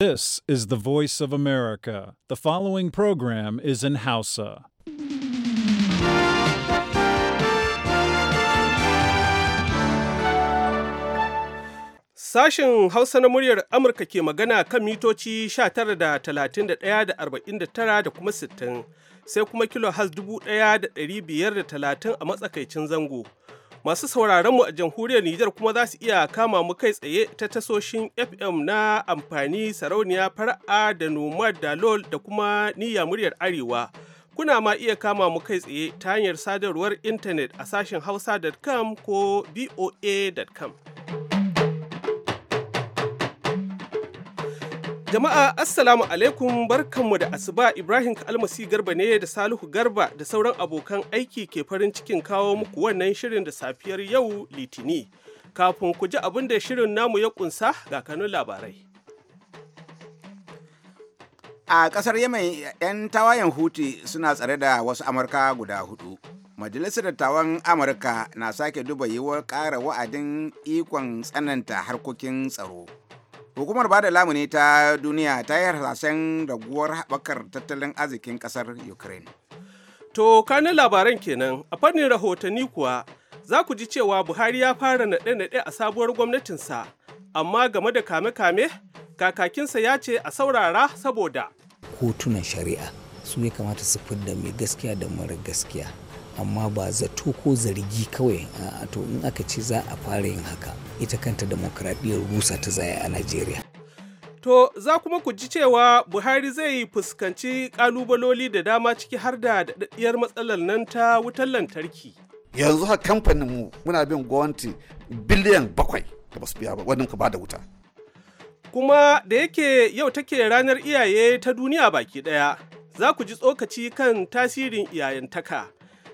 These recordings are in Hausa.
This is the voice of America. The following program is in Hausa. Sashen Hausa na muryar Amurka ke magana kan mitoci 19 da 31 da 49 da kuma 60 sai kuma kilo has 1530 a matsakaicin zango. Masu sauraron mu a jamhuriyar Nijar kuma za su iya kama mu kai tsaye ta tasoshin FM na amfani sarauniya Far'a da nomad da lol da kuma niyya muryar arewa. Kuna ma iya kama mu kai tsaye ta hanyar sadarwar intanet a sashen hausa.com ko boa.com. Jama'a Assalamu alaikum barkanmu da asuba Ibrahim Almasi Garba ne da Salihu Garba da sauran abokan aiki ke farin cikin kawo muku wannan shirin da safiyar yau Litini. Kafin ku ji abin da shirin namu ya kunsa ga kanun labarai. A ƙasar Yemen 'yan tawayen Huti suna tsare da wasu Amurka guda hudu. Majalisar Dattawan Amurka na sake duba yiwuwar ƙara wa'adin ikon tsananta harkokin tsaro. hukumar ba da lamuni ta duniya ta yi harsashen raguwar haɓakar tattalin arzikin ƙasar ukraine to kanin labaran kenan a fannin rahotanni kuwa za ku ji cewa buhari ya fara naɗe-naɗe a sabuwar gwamnatinsa amma game da kame-kame kakakinsa ya ce a saurara saboda kotunan shari'a su ya kamata su fidda mai gaskiya da mara gaskiya amma ba zato ko zargi kawai a to in aka ce za a fara yin haka ita kanta demokradiyyar rusa ta zaya a najeriya To za kuma ku ji cewa Buhari zai fuskanci kalubaloli da dama ciki har da daɗaɗɗiyar matsalar nan ta wutar lantarki. Yanzu ha kamfaninmu muna bin gwamnati biliyan bakwai da basu biya ba wannan ka bada wuta. Kuma da yake yau take ranar iyaye ta duniya baki ɗaya, za ku ji tsokaci kan tasirin iyayentaka.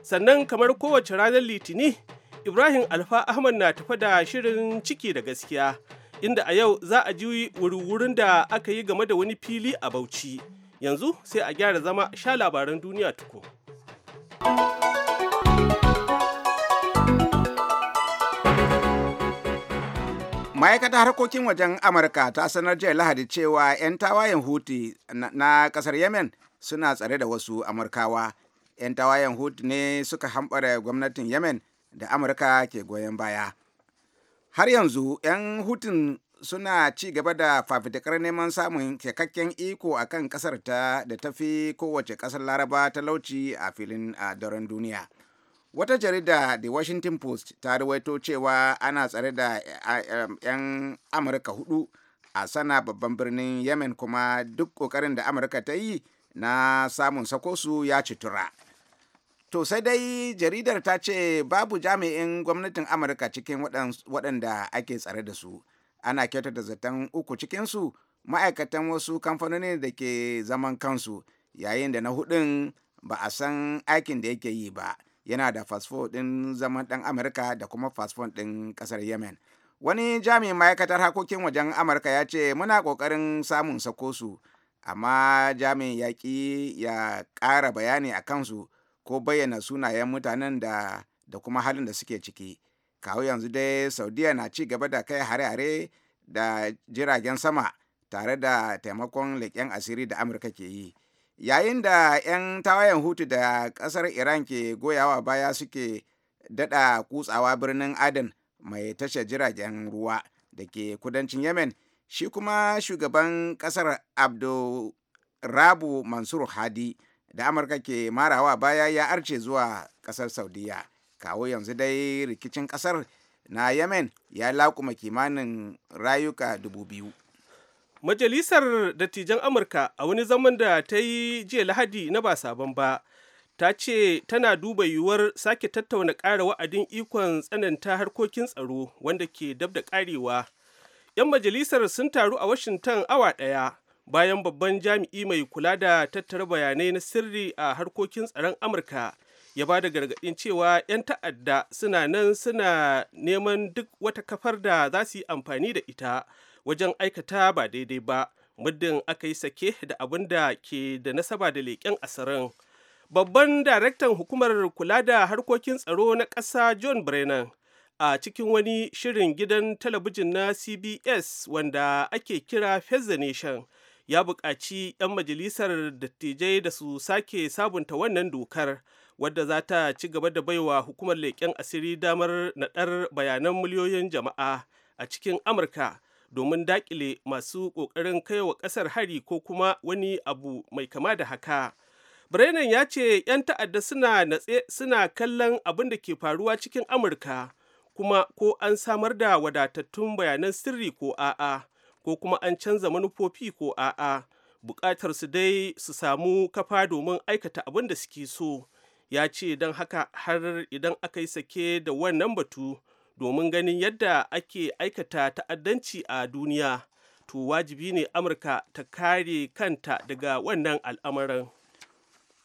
sannan kamar kowace ranar litini ibrahim alfa ahmad na tafa da shirin ciki da gaskiya inda a yau za a ji wurwurin da aka yi game da wani fili a bauchi yanzu sai a gyara zama sha labaran duniya tuku ma'aikatar harkokin wajen amurka ta sanar jiya lahadi cewa 'yan tawayen huti na, na kasar yemen suna tsare da wasu amurkawa 'yan tawayen hut ne suka hambara gwamnatin yemen da amurka ke goyon baya har yanzu 'yan hutun suna ci gaba da fafitakar neman samun cikakken iko a kan kasar ta da ta fi kowace kasar laraba talauci a filin a daren duniya wata jarida the washington post ta ruwaito cewa ana tsare da 'yan amurka hudu a sana babban birnin yemen kuma duk kokarin da amurka ta yi na samun sakosu ya ci tura. To sai dai jaridar ta ce babu jami'in gwamnatin Amurka cikin waɗanda ake tsare da su. Ana kyautata zaton uku cikinsu ma'aikatan wasu kamfanoni da ke zaman kansu yayin da na hudun ba a san aikin da yake yi ba. Yana da fasfo ɗin zaman ɗan Amurka da kuma fasfo ɗin ƙasar Yemen. Wani jami'in ma'aikatar harkokin wajen Amurka ya ce muna ƙoƙarin samun sako su, amma jami'in ya ƙi ya ƙara bayani a kansu. ko bayyana sunayen mutanen da da kuma halin da suke ciki kawo yanzu dai saudiya na ci gaba da kai hare-hare da jiragen sama tare da taimakon leƙen asiri da amurka ke yi yayin da 'yan tawayen hutu da ƙasar iran ke goyawa baya suke daɗa kutsawa birnin aden mai tashar jiragen ruwa da ke kudancin yemen shi kuma shugaban ƙasar abdu rabu mansur hadi da amurka ke marawa baya ya arce zuwa kasar saudiya kawo yanzu dai rikicin kasar na yemen ya laƙuma kimanin rayuka dubu biyu majalisar dattijan amurka a wani zaman da ta yi jiya lahadi na ba sabon ba ta ce tana duba yiwuwar sake tattauna ƙara wa'adin ikon tsananta harkokin tsaro wanda ke dab da ƙarewa 'yan majalisar sun taru a washington awa ɗaya bayan babban jami'i mai kula da tattara bayanai na sirri a harkokin tsaron amurka ya ba da gargaɗin cewa 'yan ta'adda suna nan suna neman duk wata kafar da za su yi amfani da ita wajen aikata ba daidai ba muddin aka yi sake da abin da ke da nasaba da leƙen asirin babban daraktan hukumar kula da harkokin tsaro na ƙasa john brennan a cikin wani shirin gidan talabijin na cbs wanda ake kira Face the Nation ya buƙaci 'yan majalisar dattijai da su sake sabunta wannan dokar wadda za ta ci gaba da baiwa hukumar leƙen asiri damar naɗar bayanan miliyoyin jama'a a cikin amurka domin daƙile masu ƙoƙarin kai wa ƙasar hari ko kuma wani abu mai kama da haka brennan ya ce 'yan ta'adda suna natse suna kallon abin da ke faruwa cikin amurka kuma ko an samar da wadatattun bayanan sirri ko a'a ko kuma an canza manufofi ko a'a buƙatar su dai su samu kafa domin aikata abin da suke so ya ce don haka har idan aka yi sake da wannan batu domin ganin yadda ake aikata ta'addanci a duniya to wajibi ne amurka ta kare kanta daga wannan al'amarin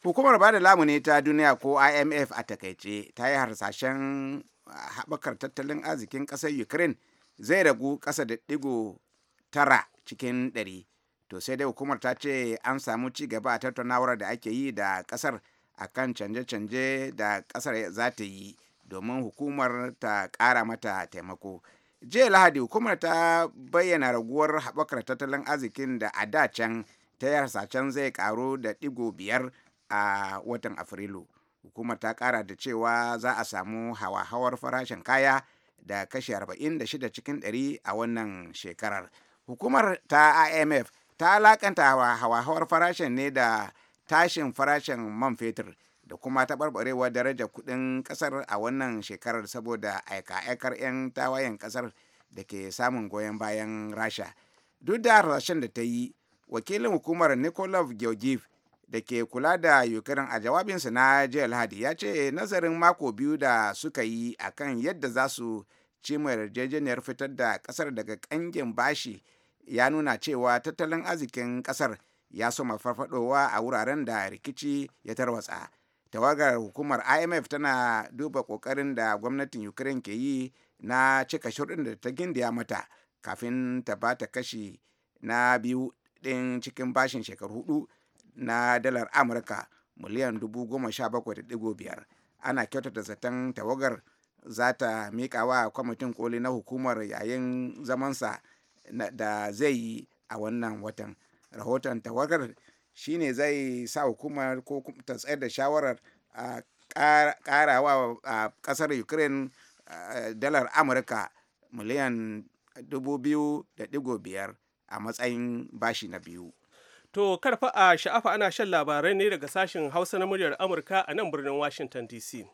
hukumar bada lamuni ta duniya ko imf a takaice ta yi harsashen haɓakar tattalin arzikin ƙasar ukraine zai ragu ƙasa da ɗigo tara cikin ɗari to sai dai hukumar ta ce an samu ci gaba a tattaunawar da ake yi da ƙasar kan canje-canje da ƙasar za ta yi domin hukumar ta ƙara mata taimako jiya lahadi hukumar ta bayyana raguwar haɓakar tattalin arzikin da a da can ta yi hasashen zai ƙaru da ɗigo biyar a watan afrilu hukumar ta ƙara da cewa za a samu hawa-hawar farashin kaya da kashi arba'in da shida cikin ɗari a wannan shekarar hukumar ta imf ta alakanta hawa-hawar farashin ne da tashin farashin man fetur da kuma ta taɓarɓarewar darajar kuɗin ƙasar a wannan shekarar saboda aika-aikar 'yan tawayen ƙasar da ke samun goyon bayan rasha duk da rashin da ta yi wakilin hukumar nikolov georgiev da ke kula da yukurin a jawabinsa na jiya lahadi ya ce nazarin mako biyu da suka yi akan yadda za su cimma yarjejeniyar fitar da kasar daga kangin bashi ya nuna cewa tattalin arzikin kasar ya soma farfadowa a wuraren da rikici ya tarwatsa tawagar hukumar imf tana duba kokarin da gwamnatin ukraine ke yi na cika shirin da ta gindiya mata kafin ta bata kashi na biyu din cikin bashin shekaru hudu na dalar amurka miliyan dubu goma sha bakwai da biyar ana kyautata zaton tawagar za ta miƙa wa kwamitin koli na hukumar yayin zamansa da zai yi a wannan watan rahoton tawagar shine zai sa hukumar ko ta tsayar da shawarar a ƙarawa a ƙasar ukraine dalar amurka miliyan 2,500 a matsayin bashi na biyu To karfa a sha'afa ana shan labarai ne daga sashen Hausa na muryar Amurka a nan birnin Washington DC.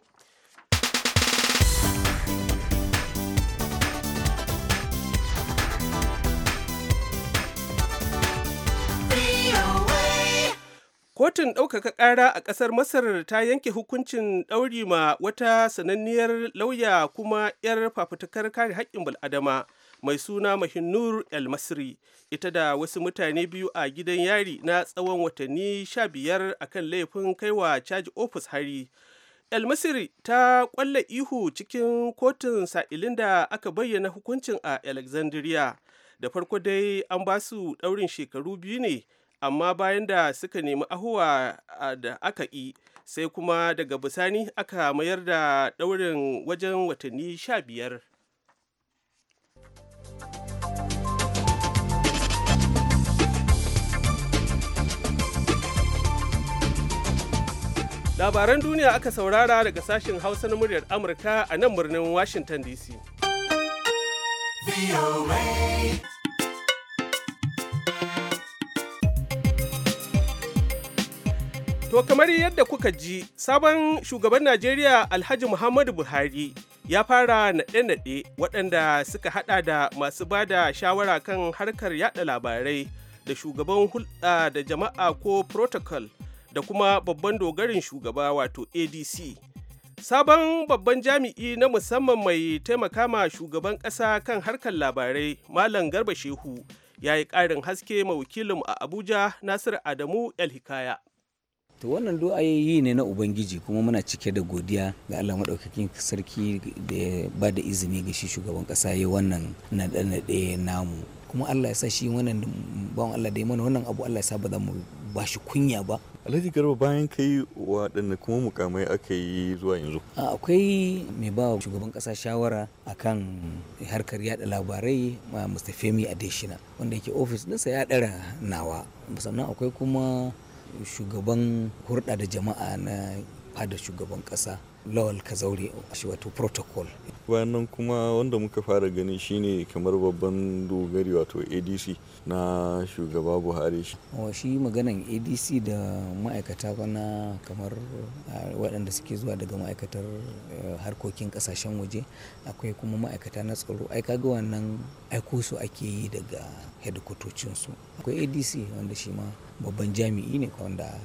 Kotun ɗaukaka ƙara a ƙasar Masar ta yanke hukuncin ɗauri ma wata sananniyar lauya kuma 'yar fafutukar kare haƙƙin bal'adama mai suna Mahinur El Masri ita da wasu mutane biyu a gidan yari na tsawon watanni sha biyar a kan laifin kaiwa caji ofis hari. El Masri ta ƙwalla ihu cikin kotun sa'ilin da aka bayyana hukuncin a Alexandria. Da farko dai an ba su ɗaurin shekaru biyu ne amma bayan da suka nemi ahuwa da aka ƙi sai kuma daga bisani aka mayar da ɗaurin wajen watanni sha biyar labaran duniya aka saurara daga sashen hausa na muryar amurka a nan birnin washington dc To kamar yadda kuka ji, sabon shugaban Najeriya Alhaji Muhammadu Buhari ya fara naɗe-naɗe waɗanda suka haɗa da masu ba da shawara kan harkar yaɗa labarai da shugaban hulɗa da jama'a ko protocol da kuma babban dogarin shugaba wato ADC. Sabon babban jami'i na musamman mai taimaka ma shugaban ƙasa kan harkar labarai Malam Garba Shehu ya yi ƙarin haske ma wakilin a Abuja Nasiru Adamu El Hikaya. to wannan du'a yi ne na ubangiji kuma muna cike da godiya ga Allah maɗaukakin sarki da ba da izini ga shi shugaban ƙasa ya wannan naɗe-naɗe namu kuma Allah ya sa shi wannan bawan Allah da ya mana wannan abu Allah ya sa ba za mu ba shi kunya ba alhaji garba bayan kai waɗanda kuma mukamai aka yi zuwa yanzu akwai mai ba shugaban ƙasa shawara akan harkar yada labarai Femi adeshina wanda yake ofis ɗinsa ya ɗara nawa musamman akwai kuma shugaban hurɗa da jama'a na fadar shugaban ƙasa lawal kazaure shi wato protocol bayan kuma wanda muka fara gani shine kamar babban dogari wato adc na shugaba buhari shi maganan adc da ma'aikata na kamar waɗanda suke zuwa daga ma'aikatar eh, harkokin ƙasashen waje akwai kuma ma'aikata na tsaro ai kaga wannan aiko su ake yi daga hedkwatocinsu akwai adc wanda shi ma babban jami'i ne wanda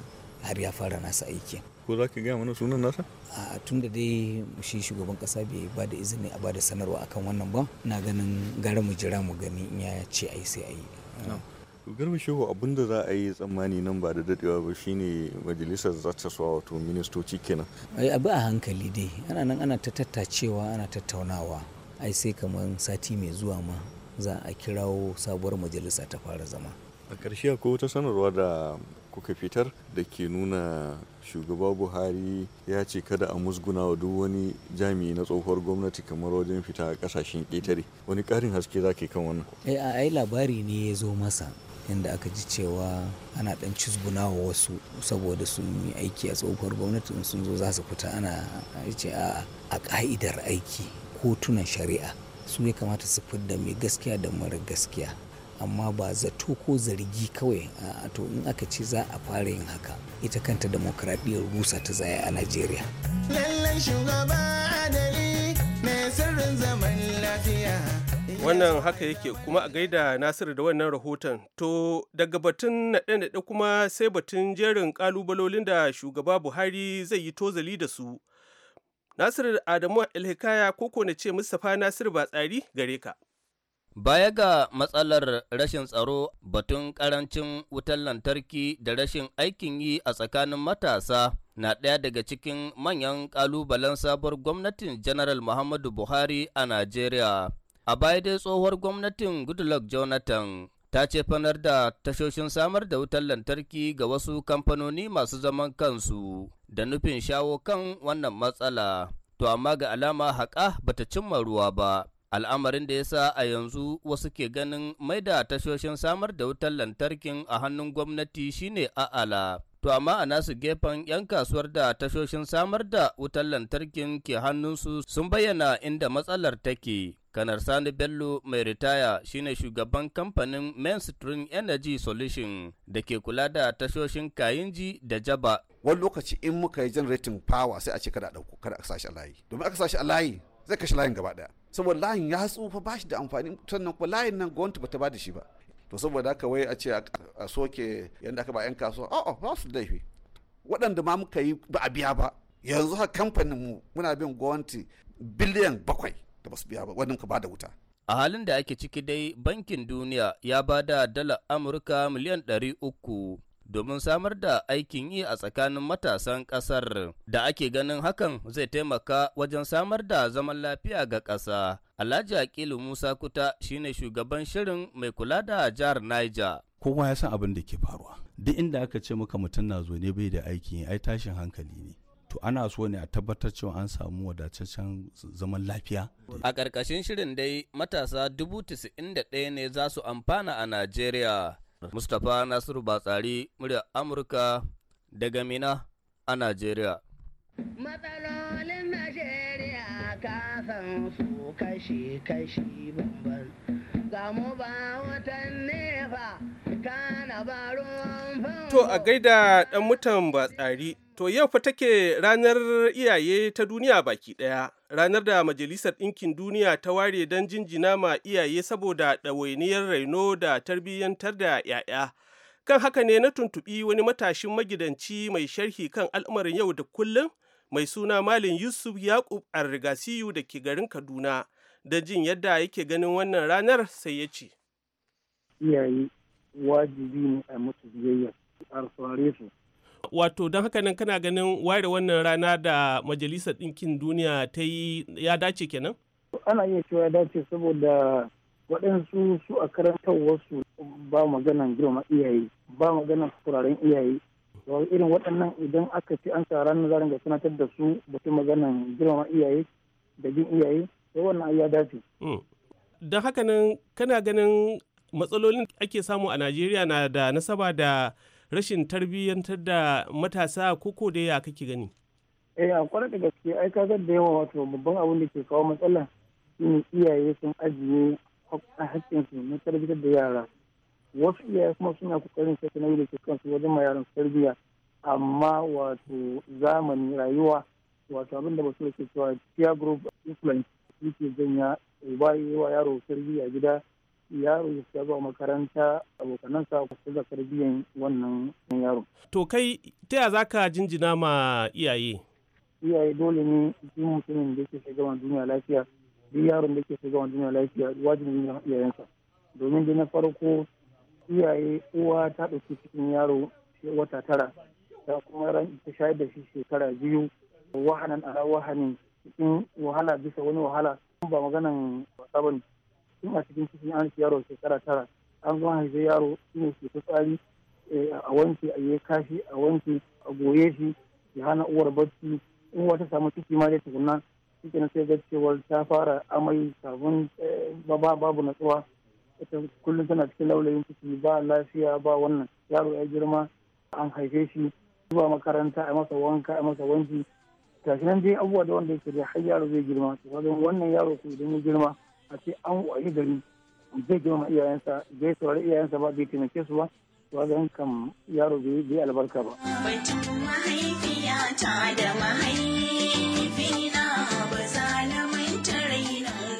har ya fara nasa aikin ko za ki gaya mana sunan nasa a tun da dai shi shugaban kasa bai ba da izini a ba da sanarwa akan wannan ba na ganin gara mu jira mu gani in ya ce ai sai ai garba shehu abinda za a yi tsammani nan ba da dadewa ba shine majalisar za ta wato ministoci kenan ai abu a hankali dai ana nan ana ta tattacewa ana tattaunawa ai sai kamar sati mai zuwa ma za a kirawo sabuwar majalisa ta fara zama a karshe akwai wata sanarwa da kuka fitar da ke nuna shugaba buhari ya ce kada a musguna wa duk wani jami'i na tsohuwar gwamnati kamar wajen fita a kasashen ƙetare wani ƙarin haske za kan wannan eh, ai labari ne ya zo masa inda aka ji cewa ana dan cizguna wa wasu saboda sun yi aiki a tsohuwar gwamnati in sun zo za su fita ana ce a ka'idar aiki kotunan shari'a su ya kamata su fidda mai gaskiya da mara gaskiya amma ba zato ko zargi kawai a to in aka ce za a fara yin haka ita kanta demokradiyyar rusa ta zaya a najeriya lallai shugaba lafiya wannan haka yake kuma a gaida nasiru da wannan rahoton to daga batun naɗe-naɗe kuma sai batun jerin ƙalubalolin da shugaba buhari zai yi tozali da su nasiru adamu ilhikaya koko na ce mustapha nasiru ba tsari gare ka Baya ga matsalar rashin tsaro batun ƙarancin wutar lantarki da rashin aikin yi a tsakanin matasa na ɗaya daga cikin manyan ƙalubalen sabuwar gwamnatin General Muhammadu Buhari a Najeriya. A baya dai tsohuwar gwamnatin Goodluck Jonathan ta ce fanar da tashoshin samar da wutar lantarki ga wasu kamfanoni masu zaman kansu da nufin shawo kan wannan matsala. To amma ga alama haƙa bata cimma ruwa ba. al'amarin da ya sa a yanzu wasu ke ganin mai da tashoshin samar da wutar lantarkin a hannun gwamnati shine a'ala. To amma a nasu gefen 'yan kasuwar da tashoshin samar da wutar lantarkin ke hannunsu sun bayyana inda matsalar take. Kanar Sani Bello mai ritaya shine shugaban kamfanin Mainstream Energy Solution da ke kula da tashoshin Kayinji da Jaba. Wani lokaci in muka yi generating power sai a ce kada ɗauko kada a sashi a layi. Domin aka sashi a layi zai kashe layin gaba daya saboda layin ya tsufa ba shi da amfani sannan kuma layin nan gwamnati bata ba da shi ba to saboda haka wai a ce a soke yadda aka ba yan kasuwa a'a ba su laifi waɗanda ma muka yi ba a biya ba yanzu ha kamfanin mu muna bin gwamnati biliyan bakwai da ba su biya ba wannan ka ba da wuta a halin da ake ciki dai bankin duniya ya ba da dala amurka miliyan ɗari uku domin samar da aikin yi a tsakanin matasan ƙasar da ake ganin hakan zai taimaka wajen samar da zaman lafiya ga ƙasa. Alhaji Akilu Musa Kuta shine shugaban shirin mai kula da jihar Niger. Kowa ya san abin da ke faruwa. Duk inda aka ce muka mutum na zo ne bai da aikin ai tashin hankali ne. to ana so ne a tabbatar cewa an samu wadataccen zaman lafiya. A ƙarƙashin shirin dai matasa dubu ɗaya ne za su amfana a Najeriya Mustapha Nasiru Batsari, murya Amurka daga Mina a Najeriya. Matsalolin Najeriya kasan su kashi-kashi bambam. Gamu ba watan nefa, kana ba ruwan To a gaida ɗan mutan Batsari To yau fa take ranar iyaye ta duniya baki ɗaya, ranar da Majalisar Ɗinkin Duniya ta ware don jinjina ma iyaye saboda ɗawainiyar raino da tarbiyyantar da 'ya'ya. Kan haka ne na tuntuɓi wani matashin magidanci mai sharhi kan al'amarin yau da kullum mai suna Malin Yusuf Yaƙub Arrigasiyu da ke garin Kaduna, da jin yadda yake ganin wannan ranar sai ya ce. Iyaye wajibi ne a biyayya, su wato don haka nan kana ganin ware wannan rana da majalisar ɗinkin duniya ta yi ya dace kenan? Ana iya cewa ya dace saboda waɗansu su a karantar wasu ba maganan girma iyaye ba maganan kurarin iyaye irin waɗannan idan aka ci an sa ranar zarin ga tunatar da su batun maganan girma iyaye da jin iyaye da wannan ya dace. Hmm. Don haka nan kana ganin matsalolin ake samu a Najeriya na da nasaba da rashin tarbiyyantar da matasa koko da ya kake gani eh a kwarar da gaske ai ka da yawa wato babban abin da ke kawo matsala shine iyaye sun ajiye haƙƙin su na tarbiyyar da yara wasu iyaye kuma suna kokarin sai na da kansu wajen ma yaran tarbiyya amma wato zamani rayuwa wato abin da ba su da ke cewa peer group influence yake janya ba yi wa yaro tarbiyya gida yaro ya saba makaranta abokanansa ku da biyan wannan yaro. To kai ta ya zaka jinjina ma iyaye? Iyaye dole ne duk mutumin da yake shiga duniya lafiya duk yaron da ke shiga duniya lafiya wajibi ne iyayensa. Domin da na farko iyaye uwa ta ɗauki cikin yaro wata tara ta kuma ran ta shayar da shi shekara biyu wahanan ala wahanin cikin wahala bisa wani wahala ba maganan sabon tun a cikin cikin an yaro shekara tara an zo haife yaro ne ke fitsari eh, a wanke a yi kashi a wanke a goye shi ya hana uwar bacci in wata samu ciki ma dai tukunna ciki na sai ga cewar ta fara amai sabon eh, babu natsuwa ita kullum tana cikin laulayin ciki ba lafiya ba wannan yaro ya girma an haife shi zuwa makaranta a masa wanka a masa wanki shi nan dai abubuwa da wanda yake da har yaro zai girma to wannan yaro ko idan ya girma a ce an wayi gari zai ma iyayensa zai saurari iyayensa ba bai taimake su ba to ga kan yaro bai yi albarka ba ba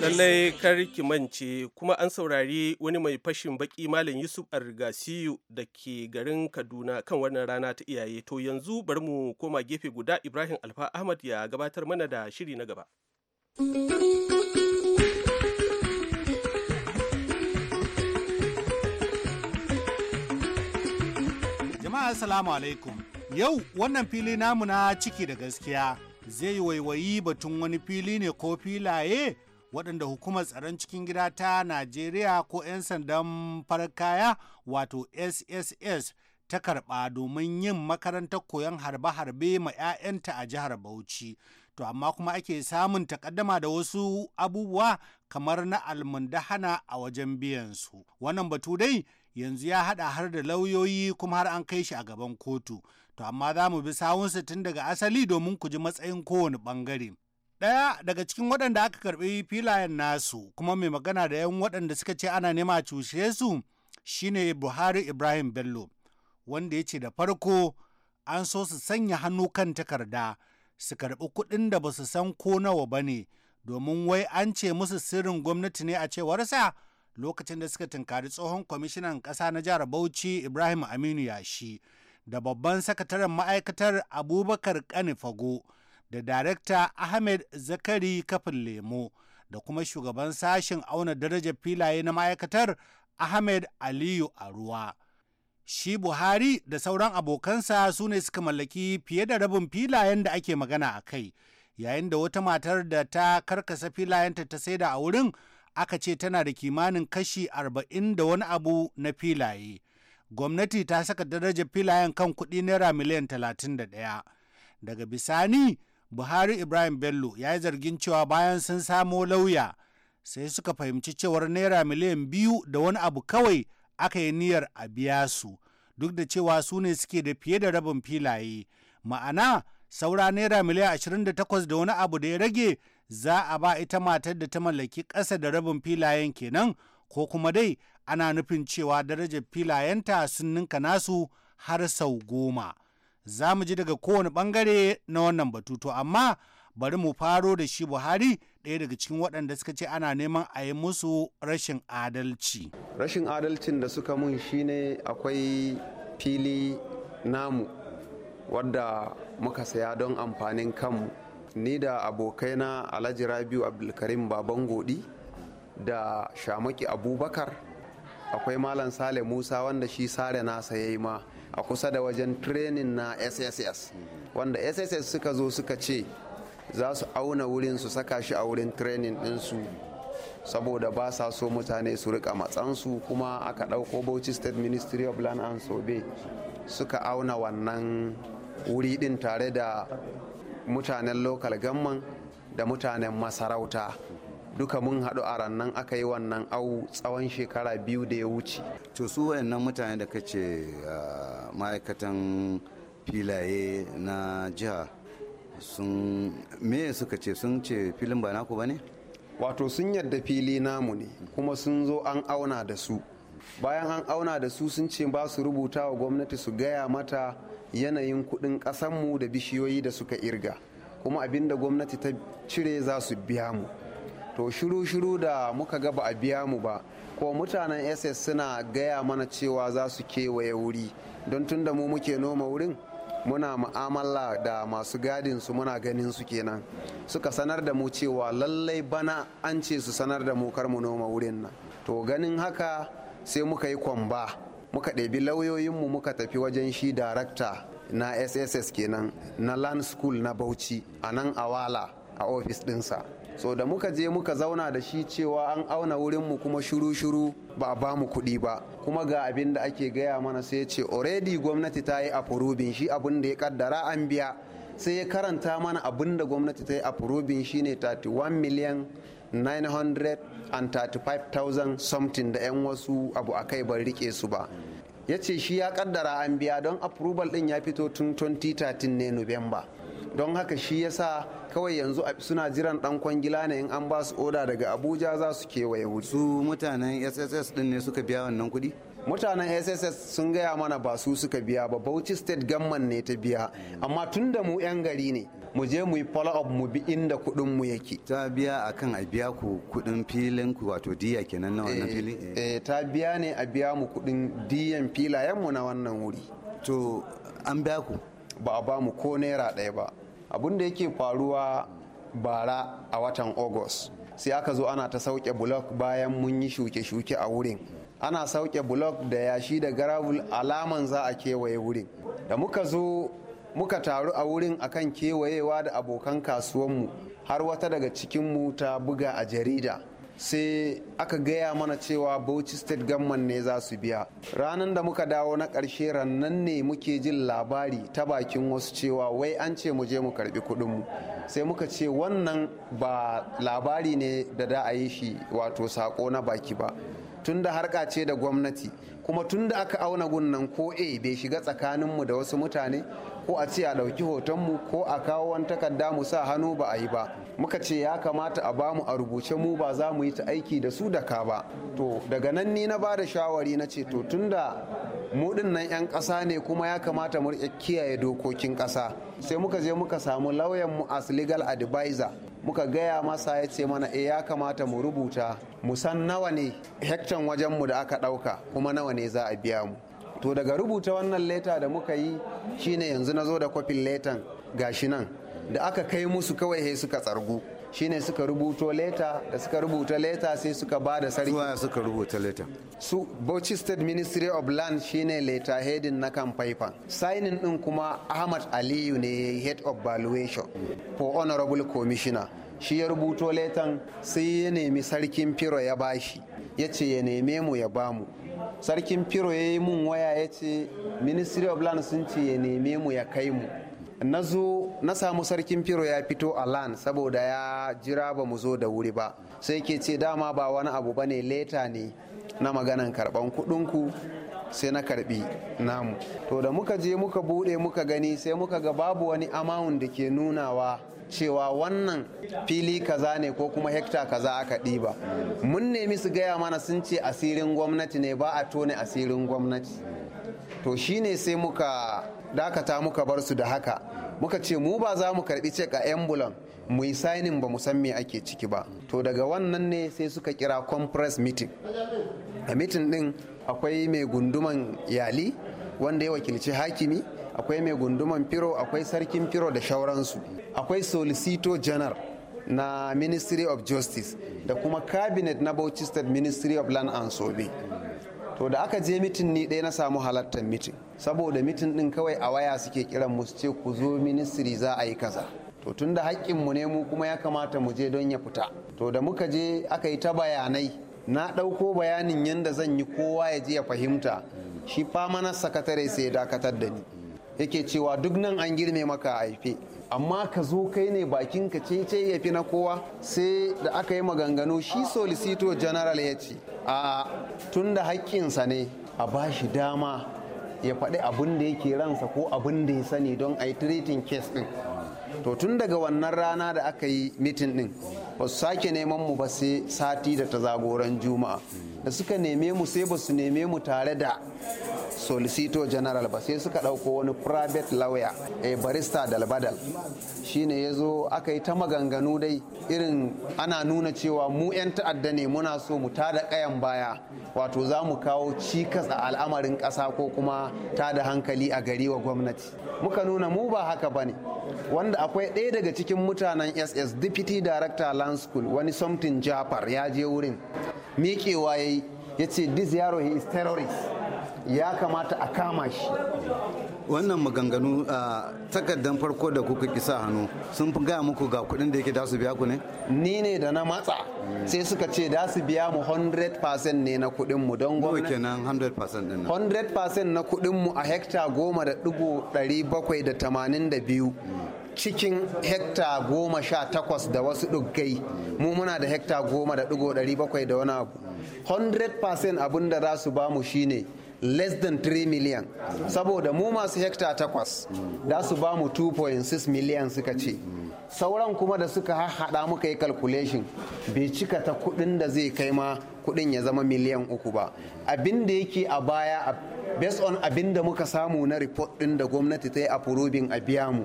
lallai kar ki mance kuma an saurari wani mai fashin baki malam yusuf argasiyu da ke garin kaduna kan wannan rana ta iyaye to yanzu bari mu koma gefe guda ibrahim alfa ahmad ya gabatar mana da shiri na gaba. Mm -hmm. Assalamu alaikum. Yau wannan fili namu na ciki da gaskiya zai waiwayi batun wani fili ne ko filaye waɗanda hukumar tsaron cikin gida ta Najeriya ko 'yan sandan farkaya wato SSS ta karɓa domin yin makarantar koyon harbe-harbe ma 'ya'yanta a jihar Bauchi. To amma kuma ake samun takaddama da wasu abubuwa kamar na almundahana a wajen biyansu, Wannan batu dai yanzu ya haɗa har da lauyoyi kuma har an kai shi a gaban kotu to amma za mu bi sawunsa tun daga asali domin ku ji matsayin kowane ɓangare. Daya daga cikin waɗanda aka karɓi filayen nasu kuma mai magana da 'yan waɗanda suka ce ana nema cushe su shine Buhari Ibrahim Bello wanda ya ce da farko an so su sanya hannu kan takarda su karɓi kuɗin da ba su san ko nawa ba ne domin wai an ce musu sirrin gwamnati ne a cewarsa lokacin da suka tunkari tsohon kwamishinan ƙasa na jihar Bauchi Ibrahim Aminu Yashi da babban sakataren ma'aikatar Abubakar Kanifago da darekta Ahmed Zakari Kafin Lemo da kuma shugaban sashen auna darajar filaye na ma'aikatar Ahmed Aliyu Aruwa. Shi Buhari da sauran abokansa su ne suka mallaki fiye da rabin filayen da ake magana a kai, yayin da wata matar da ta karkasa filayenta ta saida a wurin aka ce tana da kimanin kashi arba'in da wani abu na filaye. Gwamnati ta saka darajar filayen kan kuɗi naira miliyan talatin da ɗaya. Daga bisani, Buhari Ibrahim Bello ya yi zargin cewa bayan sun samo lauya sai suka fahimci cewar naira miliyan biyu da wani abu kawai aka yi niyyar a biya su duk da cewa su ne suke da fiye da rabin filaye ma'ana saura naira miliyan 28 da wani abu da ya rage za a ba ita matar da ta mallaki ƙasa da rabin filayen kenan ko kuma dai ana nufin cewa darajar filayenta sun ninka nasu har sau goma. Za mu ji daga kowane ɓangare na wannan batuto amma bari mu faro da shi Buhari ɗaya daga cikin waɗanda suka ce ana neman a yi musu rashin adalci. Rashin adalcin da suka mun shine akwai fili namu wadda muka saya don amfanin kanmu. ni da abokaina alhaji rabiu abdulkarim baban godi da shamaki abubakar akwai malam sale musa wanda shi sare nasa ya yi ma a kusa da wajen training na sss wanda sss suka zo suka ce za su auna wurin su saka shi a wurin training ɗinsu saboda ba sa so mutane su rika matsansu kuma aka ɗauko bauchi state ministry of land and sobe suka auna wannan wuri ɗin tare da mutanen lokal gamman da mutanen masarauta duka mun haɗu a rannan aka yi wannan au tsawon shekara biyu da ya wuce. to su wayannan mutane da kace ah, ma'aikatan filaye na jiha sun me suka ce sun ce filin ba naku ba ne? wato sun yadda fili namu ne kuma sun zo an auna da su bayan an auna da su sun ce ba su rubuta wa gwamnati su gaya mata yanayin kudin kasanmu da bishiyoyi da suka irga kuma abin da gwamnati ta cire za su biya mu to shiru-shiru da muka ga ba a biya mu ba ko mutanen ss suna gaya mana cewa za su kewaye wuri don tun da mu muke noma wurin muna mu'amala da masu gadin su muna ganin su kenan suka sanar da mu cewa lallai bana an ce su sanar da mu kar mu noma wurin nan to ganin haka sai muka yi kwamba muka ɗebi lauyoyinmu muka tafi wajen shi darakta na sss kenan na land school na bauchi a nan awala a ofis ɗinsa so da muka je muka zauna da shi cewa an auna wurinmu kuma shuru-shuru ba a bamu kuɗi ba kuma ga abin da ake gaya mana sai ce already gwamnati ta yi afurubin shi abin da ya kaddara an biya sai ya karanta mana abin da gwamnati ta yi afurubin shine 31 miliyan 935,000 something da 'yan wasu abu a kai ban rike su ba ya ce shi ya kaddara an biya don approval din ya fito tun 2013 ne november don haka shi ya sa kawai yanzu suna jiran dan kwangila ne in an ba su oda daga abuja za su kewaye hudu. su mutanen sss din ne suka biya wannan kudi. mutanen sss sun gaya mana ba su suka biya ba bauchi state gamman ne ta biya amma tun da mu 'yan gari ne mu je mu yi follow up mu bi inda kuɗin mu yake ta biya akan a biya ku kuɗin filin ku wato diya kenan na wannan eh, fili eh. eh ta biya ne a biya mu kuɗin diyan filayen mu na wannan wuri to an biya ku ba a ba mu ko naira ɗaya ba abun da yake faruwa bara a watan august sai aka zo ana ta sauke block bayan mun yi shuke-shuke a wurin ana sauke block da yashi da gravel alaman za a kewaye wurin da muka zo muka taru a wurin akan kewayewa da abokan kasuwanmu har wata daga cikinmu ta buga a jarida sai aka gaya mana cewa bauchi state gamman ne za su biya ranar da muka dawo na ƙarshe rannan ne muke jin labari ta bakin wasu cewa wai an ce mu je mu karbi kuɗinmu sai muka ce wannan ba labari ne da da a yi shi wato saƙo na baki ba tunda harka ce da gwamnati kuma tun da aka auna gunnan ko a bai shiga tsakaninmu da wasu mutane ko a ce a ɗauki hotonmu ko a kawo wani takarda mu sa hannu ba a yi ba muka ce ya kamata a bamu a rubuce mu ba za mu yi ta aiki da su da ka ba to daga nan ni na bada shawari na ce to tunda mu din nan yan ƙasa ne kuma ya kamata mu riƙe kiyaye dokokin ƙasa sai muka je muka samu lauyan mu as legal advisor muka gaya masa ya ce mana e ya kamata mu rubuta mu san nawa ne hektan wajenmu da aka ɗauka kuma nawa ne za a biya mu to daga rubuta wannan leta da muka yi shine yanzu na zo da kwafin letan gashi nan da aka kai musu kawai sai suka tsargu shine suka rubuto leta da suka rubuta leta sai suka ba da sarki suwa suka rubuta leta su Bauchi State Ministry of Land shine leta heading na kan faifan signing din kuma Ahmad Aliyu ne head of valuation for honorable commissioner shi ya rubuto letan sai ya nemi sarkin firo ya bashi ya ce ya neme mu ya ba mu. sarkin firo ya yi mun waya ya ce ministry of land sun ce ya neme mu ya kai mu na zo na samu sarkin firo ya fito a lan saboda ya jira ba mu zo da wuri ba sai ke ce dama ba wani abu ba ne leta ne na maganan karban kudinku sai na karbi namu to da muka je muka bude muka gani sai muka ga babu wani amount da ke nunawa cewa wannan fili kaza ne ko kuma hekta kaza aka ɗiba mun nemi su gaya mana sun ce asirin gwamnati ne ba a tone asirin gwamnati to shine sai muka dakata muka bar su da haka muka ce mu ba za mu karbi cek a embulan mu yi sainin ba mu san me ake ciki ba to daga wannan ne sai suka kira compress meeting a meeting din akwai mai gunduman yali wanda ya wakilci hakimi akwai mai gunduman firo akwai sarkin firo da shauransu akwai Solicito general na ministry of justice da kuma cabinet na bauchi state ministry of land and sobe to da aka je mitin ni ɗaya na samu halartar mitin saboda mitin din kawai a waya suke kiran mu su ce ku zo ministry za a yi kaza to tunda haƙƙin mu ne mu kuma ya kamata mu je don ya fita to da muka je aka yi ta bayanai na ɗauko bayanin yadda zan yi kowa ya je ya fahimta shi mana sakatare sai ya dakatar da ni yake cewa duk nan an girme maka a haife amma ka zo kai ne bakin ka ce ya fi na kowa sai da aka yi maganganu shi solicitor general ya ce a tun da haƙƙinsa ne a ba shi dama ya faɗi abin da yake ransa ko abin da ya sani don a yi treating case ɗin to tun daga wannan rana da aka yi mitin ɗin ba su sake neman mu ba sai sati da ta zagoran juma'a da suka neme mu sai ba su neme mu tare da solicitor general ba sai suka ɗauko wani private lawyer a eh, barista dalbadal shine ya zo aka yi ta maganganu dai irin ana nuna cewa mu 'yan ta'adda ne muna so mu tada kayan baya wato za mu kawo cikas a al'amarin ƙasa ko kuma tada hankali a gari wa gwamnati muka nuna mu ba haka ba ne wanda akwai ɗaya daga cikin mutanen ss deputy director land school wani something jafar ya je wurin miƙewa ya yi ya ce this yaro he is terrorist ya kamata a kama shi wannan maganganu a takardar farko da kuka kisa hannu sun fi gaya muku ga kuɗin da yake da su biya ku ne ni ne da na matsa sai suka ce da su biya mu 100% ne na kuɗin mu don gwamnati kenan 100% 100% na kuɗin mu a hekta goma da ɗari bakwai da tamanin da biyu cikin hekta goma sha takwas da wasu ɗuggai mu muna da hekta goma da dugo dari bakwai da wani abu 100% abin da za su ba mu shine less than 3 million saboda mu masu hekta takwas da su ba mu 2.6 million suka ce sauran kuma da suka haɗa muka yi calculation bai cika ta kuɗin da zai kai ma kuɗin ya zama miliyan uku ba abin da yake a baya based on abin da muka samu na report ɗin da gwamnati ta yi approving a biya mu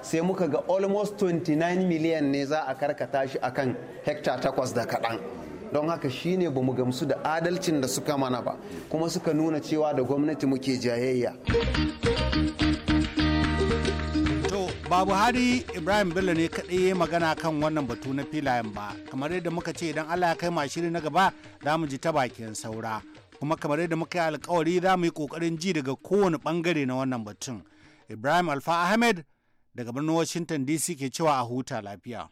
sai muka ga almost 29 miliyan ne za a karkata shi a kan hekta takwas da kaɗan don haka shine ba mu gamsu da adalcin da suka mana ba kuma suka nuna cewa da gwamnati muke jayayya babu hari ibrahim bello ne kaɗai ya magana kan wannan batu na filayen ba kamar yadda muka ce idan allah ya kai mashiri na gaba za mu ji ta bakin saura kuma kamar yadda muka yi alkawari za mu yi kokarin ji daga kowane bangare na wannan batun ibrahim alfa ahmed daga birnin Washington DC ke cewa a huta lafiya.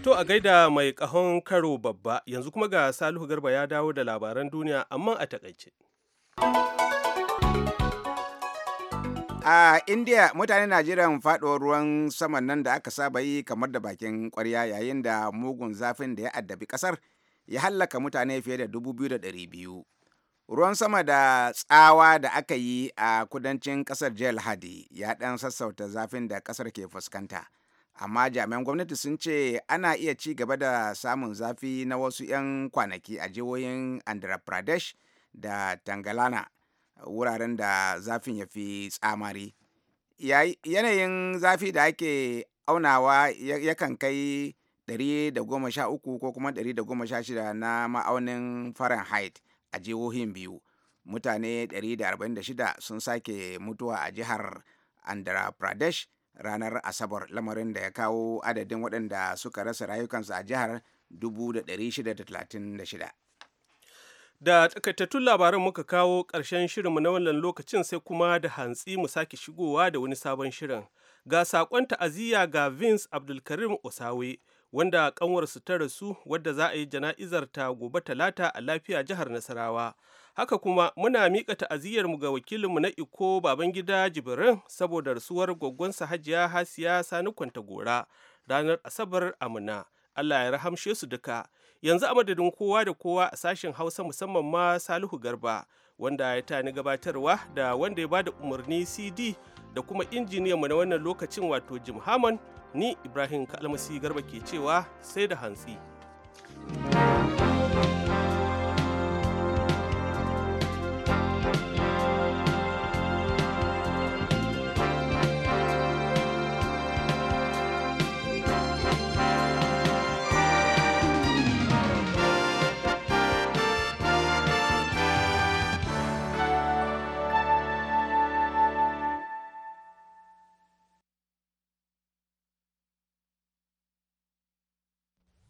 To a gaida mai kahon karo babba yanzu kuma ga Salihu Garba ya dawo da labaran duniya amma a takaice. A India mutane na jiran faɗuwar ruwan saman nan da aka saba yi kamar da bakin kwarya yayin da mugun zafin da ya addabi ƙasar ya hallaka mutane fiye da 2,200. ruwan sama da tsawa da aka yi a kudancin kasar jihar lahadi ya dan sassauta zafin da kasar ke fuskanta amma jami'an gwamnati sun ce ana iya ci gaba da samun zafi na wasu 'yan kwanaki a jihohin andhra pradesh da tangalana wuraren da zafin ya fi tsamari yanayin zafi da ake aunawa yakan kai 113 ko kuma 116 na ma'aunin fahrenheit a jihohin biyu mutane 146 sun sake mutuwa a jihar andhra pradesh ranar asabar lamarin da ya kawo adadin waɗanda suka rasa rayukansu a jihar 636 da takaitattun labaran muka kawo ƙarshen shirinmu na wannan lokacin sai kuma da hantsi mu sake shigowa da wani sabon shirin ga saƙon ta'aziyya ga vince abdulkarim osawe wanda kanwarsu ta rasu wadda za a yi jana'izar ta gobe talata a lafiya jihar nasarawa haka kuma muna miƙa ta'aziyyarmu ga wakilinmu na iko babangida jibirin saboda rasuwar gwaggonsa hajiya hasiya sani kwantagora ranar asabar amina allah ya rahamshe su duka yanzu a madadin kowa da kowa a sashen hausa musamman ma salihu garba wanda ya tani gabatarwa da wanda ya bada umarni cd da kuma mu na wannan lokacin wato jim hammond ni ibrahim kalmasi garba ke cewa sai da hantsi. thank